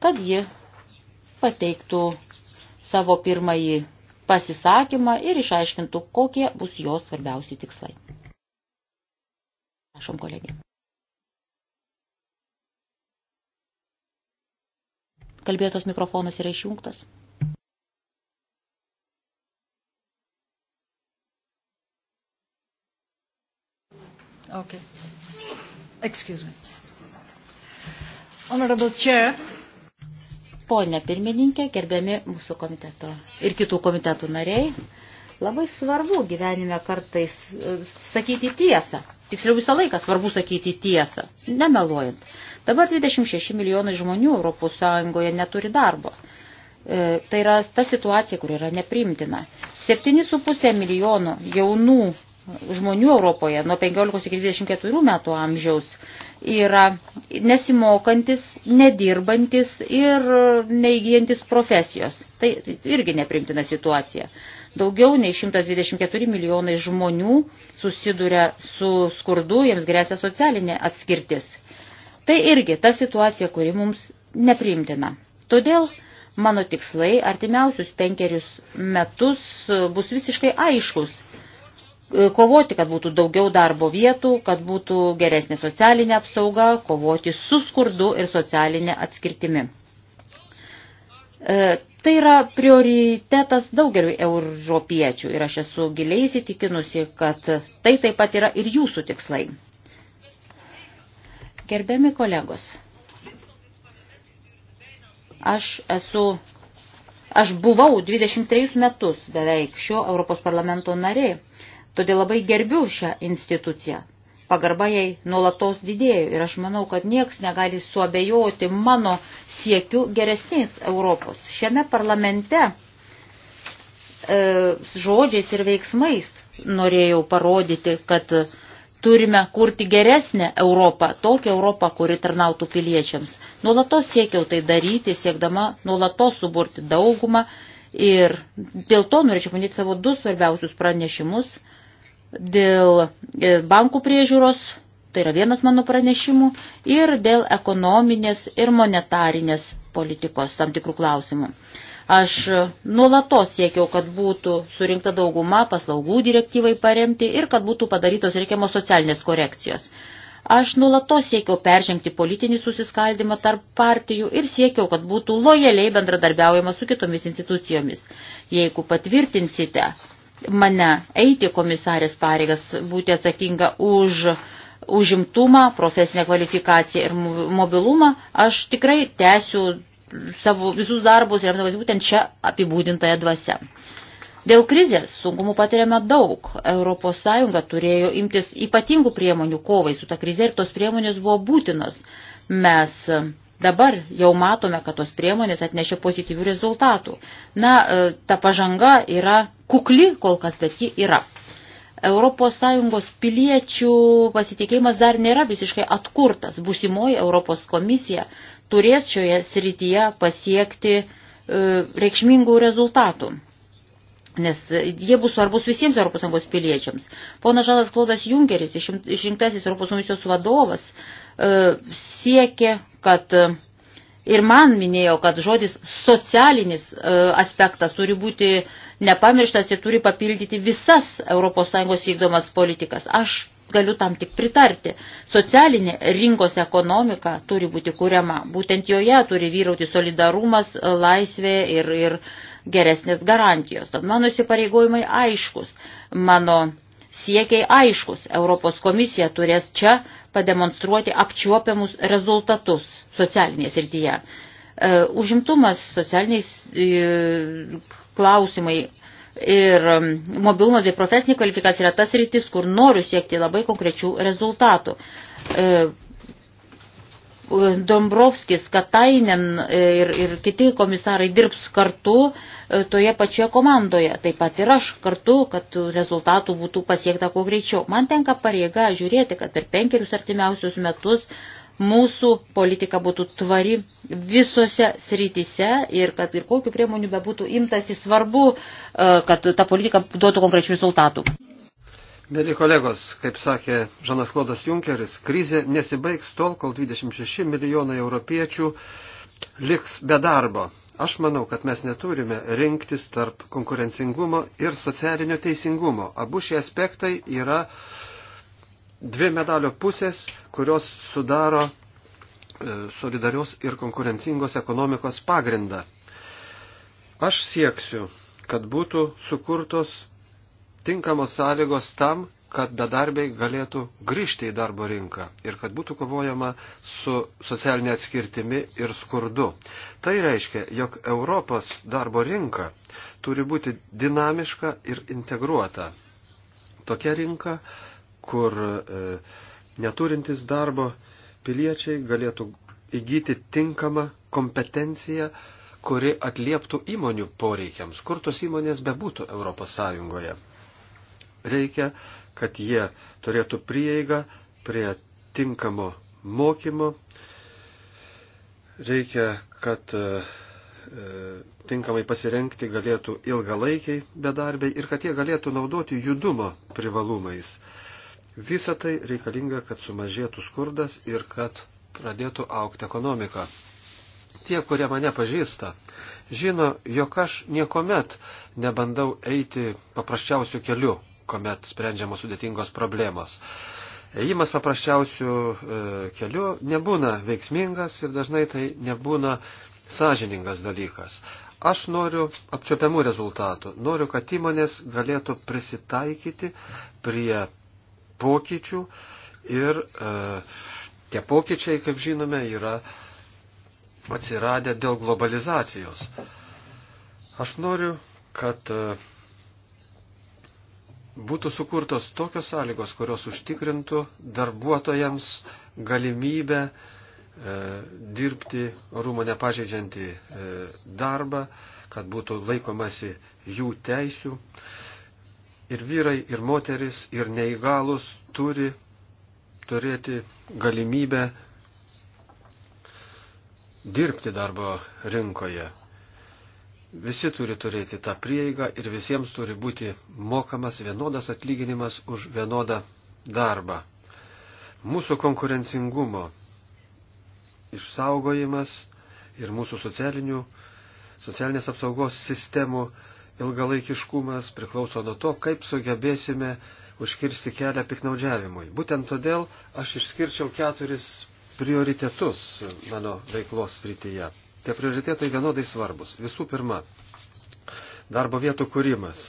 kad ji pateiktų savo pirmąjį pasisakymą ir išaiškintų, kokie bus jos svarbiausi tikslai. Prašom, kolegė. Kalbėtos mikrofonas yra išjungtas. Okay. Excuse me. Honorable Chair, Pone pirmininkė, gerbiami mūsų komiteto ir kitų komitetų nariai, labai svarbu gyvenime kartais e, sakyti tiesą. Tiksliau visą laiką svarbu sakyti tiesą, nemeluojant. Dabar 26 milijonai žmonių ES neturi darbo. E, tai yra ta situacija, kur yra neprimtina. 7,5 milijonų jaunų žmonių Europoje nuo 15 iki 24 metų amžiaus yra nesimokantis, nedirbantis ir neįgyjantis profesijos. Tai irgi neprimtina situacija. Daugiau nei 124 milijonai žmonių susiduria su skurdu, jiems grėsia socialinė atskirtis. Tai irgi ta situacija, kuri mums neprimtina. Todėl mano tikslai artimiausius penkerius metus bus visiškai aiškus – E, kovoti, kad būtų daugiau darbo vietų, kad būtų geresnė socialinė apsauga, kovoti su skurdu ir socialinė atskirtimi. E, tai yra prioritetas daugeliu europiečių ir aš esu giliai įsitikinusi, kad tai taip pat yra ir jūsų tikslai. Gerbiami kolegos, aš esu Aš buvau 23 metus beveik šio Europos parlamento narė Todėl labai gerbiu šią instituciją. Pagarba jai nuolatos didėjo ir aš manau, kad nieks negali suabejoti mano siekiu geresnės Europos. Šiame parlamente e, žodžiais ir veiksmais norėjau parodyti, kad turime kurti geresnę Europą, tokią Europą, kuri tarnautų piliečiams. Nuolatos siekiau tai daryti, siekdama nuolatos suburti daugumą ir dėl to norėčiau paminėti savo du svarbiausius pranešimus dėl e, bankų priežiūros, tai yra vienas mano pranešimų, ir dėl ekonominės ir monetarinės politikos tam tikrų klausimų. Aš nuolatos siekiau, kad būtų surinkta dauguma paslaugų direktyvai paremti ir kad būtų padarytos reikiamos socialinės korekcijos. Aš nuolatos siekiau peržengti politinį susiskaldimą tarp partijų ir siekiau, kad būtų lojaliai bendradarbiaujama su kitomis institucijomis. Jeigu patvirtinsite mane eiti komisarės pareigas, būti atsakinga už užimtumą, profesinę kvalifikaciją ir mobilumą, aš tikrai tęsiu savo visus darbus remdavas būtent čia apibūdintąją dvasę. Dėl krizės sunkumų patiriame daug. ES turėjo imtis ypatingų priemonių kovai su ta krize ir tos priemonės buvo būtinos. Mes Dabar jau matome, kad tos priemonės atnešė pozityvių rezultatų. Na, e, ta pažanga yra kukli kol kas, bet ji yra. ES piliečių pasitikėjimas dar nėra visiškai atkurtas. Būsimoji Europos komisija turės šioje srityje pasiekti e, reikšmingų rezultatų nes e, jie bus svarbus visiems ES piliečiams. Pona Žalas Klaudas Junkeris, išrinktasis Europos komisijos vadovas, e, siekė, kad e, ir man minėjo, kad žodis socialinis aspektas turi būti nepamirštas ir turi papildyti visas ES vykdomas politikas. Aš galiu tam tik pritarti. Socialinė rinkos ekonomika turi būti kuriama. Būtent joje turi vyrauti solidarumas, laisvė ir, ir geresnės garantijos. Tad mano įsipareigojimai aiškus, mano siekiai aiškus. Europos komisija turės čia pademonstruoti apčiuopiamus rezultatus socialinės rytyje. E, užimtumas socialiniais e, klausimai ir mobilumo bei profesinė kvalifikacija yra tas rytis, kur noriu siekti labai konkrečių rezultatų e, Dombrovskis, Katainen ir, ir kiti komisarai dirbs kartu e, toje pačioje komandoje. Taip pat ir aš kartu, kad rezultatų būtų pasiekta kuo greičiau. Man tenka pareiga žiūrėti, kad per penkerius artimiausius metus mūsų politika būtų tvari visose srityse ir kad ir kokiu priemonių bebūtų imtasi svarbu, e, kad ta politika duotų konkrečių rezultatų. Mėly kolegos, kaip sakė Žanas Klodas Junkeris, krizė nesibaigs tol, kol 26 milijonai europiečių liks be darbo. Aš manau, kad mes neturime rinktis tarp konkurencingumo ir socialinio teisingumo. Abu šie aspektai yra dvi medalio pusės, kurios sudaro e, solidarios ir konkurencingos ekonomikos pagrindą. Aš sieksiu, kad būtų sukurtos tinkamos sąlygos tam, kad bedarbiai galėtų grįžti į darbo rinką ir kad būtų kovojama su socialinė atskirtimi ir skurdu. Tai reiškia, jog Europos darbo rinka turi būti dinamiška ir integruota. Tokia rinka, kur e, neturintys darbo piliečiai galėtų įgyti tinkamą kompetenciją, kuri atlieptų įmonių poreikiams, kur tos įmonės bebūtų Europos Sąjungoje reikia, kad jie turėtų prieigą prie tinkamo mokymo. Reikia, kad e, e, tinkamai pasirenkti galėtų ilgalaikiai bedarbiai ir kad jie galėtų naudoti judumo privalumais. Visa tai reikalinga, kad sumažėtų skurdas ir kad pradėtų aukti ekonomika. Tie, kurie mane pažįsta, žino, jog aš niekuomet nebandau eiti paprasčiausių kelių kuomet sprendžiamos sudėtingos problemos. Ėjimas paprasčiausių e, kelių nebūna veiksmingas ir dažnai tai nebūna sąžiningas dalykas. Aš noriu apčiopiamų rezultatų. Noriu, kad įmonės galėtų prisitaikyti prie pokyčių ir e, tie pokyčiai, kaip žinome, yra atsiradę dėl globalizacijos. Aš noriu, kad e, būtų sukurtos tokios sąlygos, kurios užtikrintų darbuotojams galimybę e, dirbti rūmo nepažeidžiantį e, darbą, kad būtų laikomasi jų teisių. Ir vyrai, ir moteris, ir neįgalus turi turėti galimybę dirbti darbo rinkoje. Visi turi turėti tą prieigą ir visiems turi būti mokamas vienodas atlyginimas už vienodą darbą. Mūsų konkurencingumo išsaugojimas ir mūsų socialinės apsaugos sistemų ilgalaikiškumas priklauso nuo to, kaip sugebėsime užkirsti kelią piknaudžiavimui. Būtent todėl aš išskirčiau keturis prioritetus mano veiklos srityje. Tie prioritetai vienodai svarbus. Visų pirma, darbo vietų kūrimas.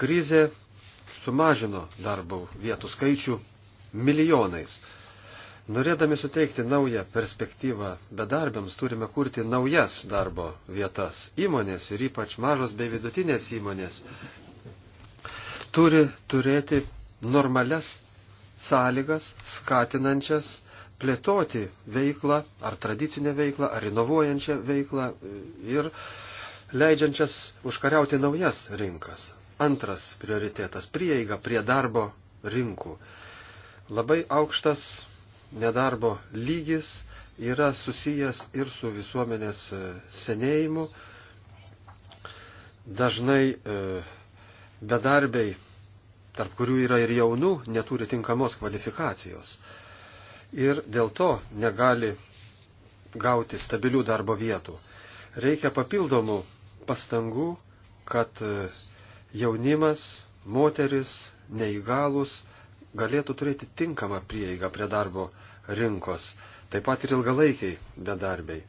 Krizė sumažino darbo vietų skaičių milijonais. Norėdami suteikti naują perspektyvą bedarbiams, turime kurti naujas darbo vietas. Įmonės ir ypač mažos bei vidutinės įmonės turi turėti normales sąlygas, skatinančias plėtoti veiklą, ar tradicinę veiklą, ar inovuojančią veiklą ir leidžiančias užkariauti naujas rinkas. Antras prioritetas - prieiga prie darbo rinkų. Labai aukštas nedarbo lygis yra susijęs ir su visuomenės e, senėjimu. Dažnai e, bedarbiai, tarp kurių yra ir jaunų, neturi tinkamos kvalifikacijos ir dėl to negali gauti stabilių darbo vietų. Reikia papildomų pastangų, kad e, jaunimas, moteris, neįgalus galėtų turėti tinkamą prieigą prie darbo rinkos, taip pat ir ilgalaikiai bedarbiai.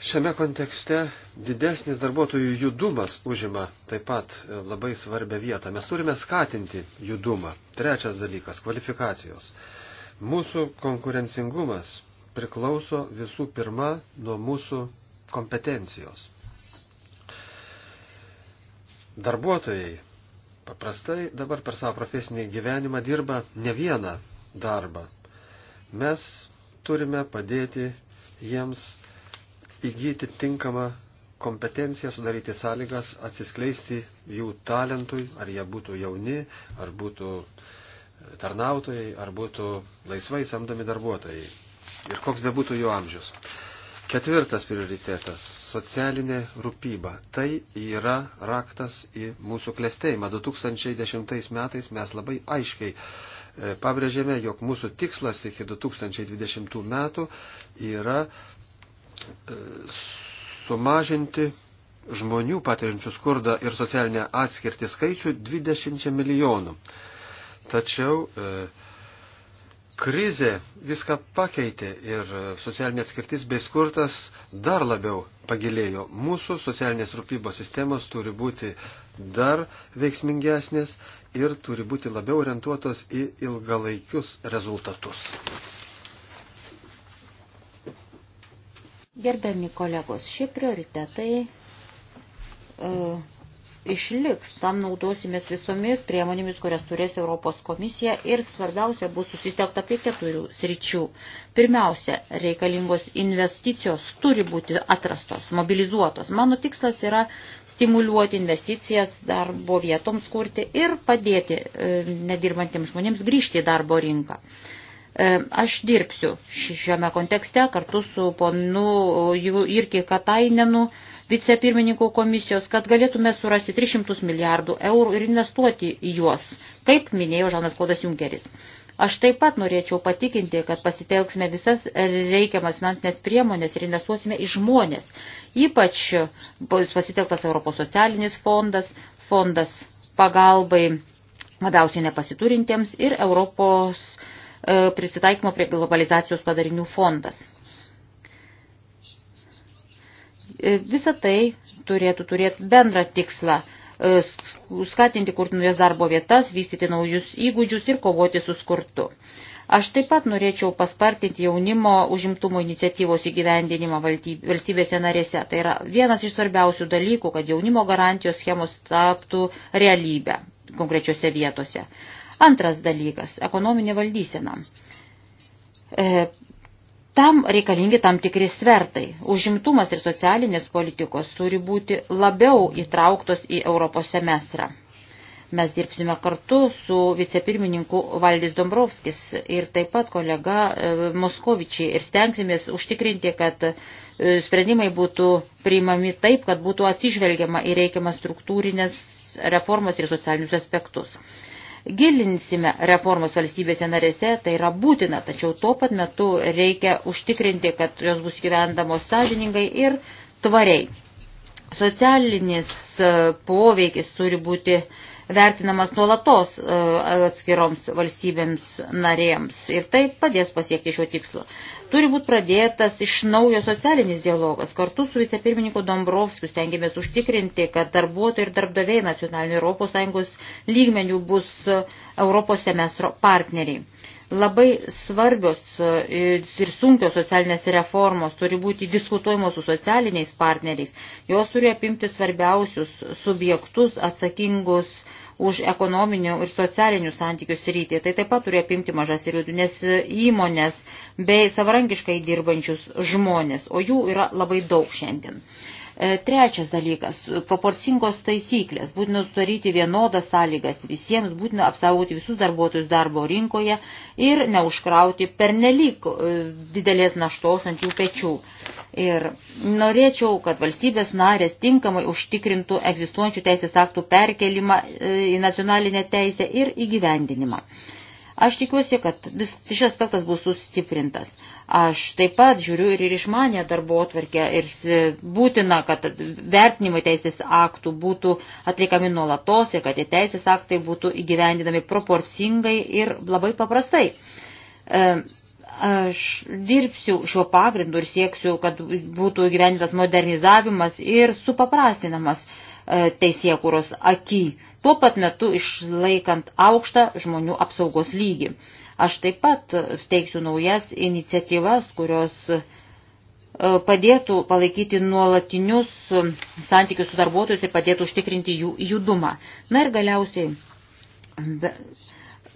Šiame kontekste didesnis darbuotojų judumas užima taip pat e, labai svarbę vietą. Mes turime skatinti judumą. Trečias dalykas - kvalifikacijos. Mūsų konkurencingumas priklauso visų pirma nuo mūsų kompetencijos. Darbuotojai paprastai dabar per savo profesinį gyvenimą dirba ne vieną darbą. Mes turime padėti jiems įgyti tinkamą kompetenciją, sudaryti sąlygas, atsiskleisti jų talentui, ar jie būtų jauni, ar būtų tarnautojai, ar būtų laisvai samdomi darbuotojai. Ir koks be būtų jų amžius. Ketvirtas prioritetas - socialinė rūpyba. Tai yra raktas į mūsų klėstėjimą. 2010 metais mes labai aiškiai e, pabrėžėme, jog mūsų tikslas iki 2020 metų yra sumažinti žmonių patiriančių skurdą ir socialinę atskirtį skaičių 20 milijonų. Tačiau e, krizė viską pakeitė ir socialinė atskirtis bei skurtas dar labiau pagilėjo. Mūsų socialinės rūpybos sistemos turi būti dar veiksmingesnės ir turi būti labiau orientuotos į ilgalaikius rezultatus. Gerbiami kolegos, šie prioritetai uh, išliks, tam naudosimės visomis priemonėmis, kurias turės Europos komisija ir svarbiausia bus susistelkta prie keturių sričių. Pirmiausia, reikalingos investicijos turi būti atrastos, mobilizuotos. Mano tikslas yra stimuliuoti investicijas darbo vietoms kurti ir padėti e, nedirbantiems žmonėms grįžti į darbo rinką. E, E, aš dirbsiu šiame kontekste kartu su ponu Irki Katainenu, vicepirmininkų komisijos, kad galėtume surasti 300 milijardų eurų ir investuoti į juos, kaip minėjo Žanas Klodas Junkeris. Aš taip pat norėčiau patikinti, kad pasitelksime visas reikiamas finansinės priemonės ir investuosime į žmonės. Ypač pasitelktas Europos socialinis fondas, fondas pagalbai labiausiai nepasiturintiems ir Europos E, prisitaikymo prie globalizacijos padarinių fondas. E, visa tai turėtų turėti bendrą tikslą e, skatinti kurtinės darbo vietas, vystyti naujus įgūdžius ir kovoti su skurtu. Aš taip pat norėčiau paspartinti jaunimo užimtumo iniciatyvos įgyvendinimą valstybėse narėse. Tai yra vienas iš svarbiausių dalykų, kad jaunimo garantijos schemos taptų realybę konkrečiose vietose. Antras dalykas – ekonominė valdysena. E, tam reikalingi tam tikri svertai. Užimtumas ir socialinės politikos turi būti labiau įtrauktos į Europos semestrą. Mes dirbsime kartu su vicepirmininku Valdis Dombrovskis ir taip pat kolega e, Moskovičiai ir stengsimės užtikrinti, kad e, sprendimai būtų priimami taip, kad būtų atsižvelgiama į reikiamas struktūrinės reformas ir socialinius aspektus. Gilinsime reformas valstybėse narėse, tai yra būtina, tačiau tuo pat metu reikia užtikrinti, kad jos bus gyvendamos sąžiningai ir tvariai. Socialinis e, poveikis turi būti uh, vertinamas nuolatos e, atskiroms valstybėms narėms ir tai padės pasiekti šio tikslo. Turi būti pradėtas iš naujo socialinis dialogas. Kartu su vicepirmininku Dombrovskiu stengiamės užtikrinti, kad darbuotojai ir darbdaviai nacionalinių ES lygmenių bus Europos semestro partneriai. Labai svarbios e, ir sunkios socialinės reformos turi būti diskutuojamos su socialiniais partneriais. Jos turi apimti svarbiausius subjektus atsakingus už ekonominių ir socialinių santykių sritį. Tai taip pat turi apimti mažas ir vidutinės įmonės bei savarankiškai dirbančius žmonės, o jų yra labai daug šiandien. E, trečias dalykas - proporcingos taisyklės. Būtina sudaryti vienodas sąlygas visiems, būtina apsaugoti visus darbuotojus darbo rinkoje ir neužkrauti pernelyg e, didelės naštos ant jų pečių. Ir norėčiau, kad valstybės narės tinkamai užtikrintų egzistuojančių teisės aktų perkelimą e, į nacionalinę teisę ir įgyvendinimą. Aš tikiuosi, kad vis šis aspektas bus sustiprintas. Aš taip pat žiūriu ir išmanę darbo atvarkę ir būtina, kad vertinimai teisės aktų būtų atliekami nuolatos ir kad tie teisės aktai būtų įgyvendinami proporcingai ir labai paprastai. E, aš dirbsiu šiuo pagrindu ir sieksiu, kad būtų gyvenitas modernizavimas ir supaprastinamas teisėkūros akį, tuo pat metu išlaikant aukštą žmonių apsaugos lygį. Aš taip pat teiksiu naujas iniciatyvas, kurios e, padėtų palaikyti nuolatinius e, santykius su darbuotojus ir padėtų užtikrinti jų judumą. Na ir galiausiai be,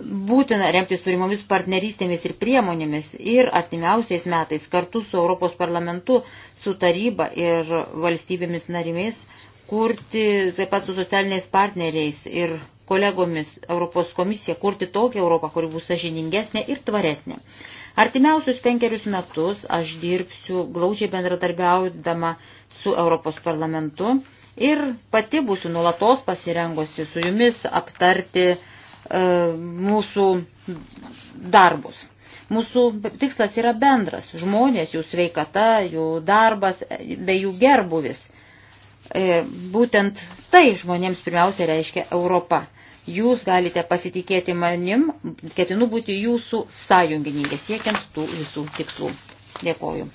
būtina remtis turimomis partnerystėmis ir priemonėmis ir artimiausiais metais kartu su Europos parlamentu, su taryba ir valstybėmis narimis kurti taip pat su socialiniais partneriais ir kolegomis Europos komisija, kurti tokią Europą, kuri bus sažiningesnė ir tvaresnė. Artimiausius penkerius metus aš dirbsiu glaučiai bendradarbiaudama su Europos parlamentu ir pati būsiu nulatos pasirengusi su jumis aptarti e, mūsų darbus. Mūsų tikslas yra bendras - žmonės, jų sveikata, jų darbas, bei jų gerbuvis – E, būtent tai žmonėms pirmiausia reiškia Europa. Jūs galite pasitikėti manim, ketinu būti jūsų sąjungininkė siekiant tų visų tikslų. Dėkoju.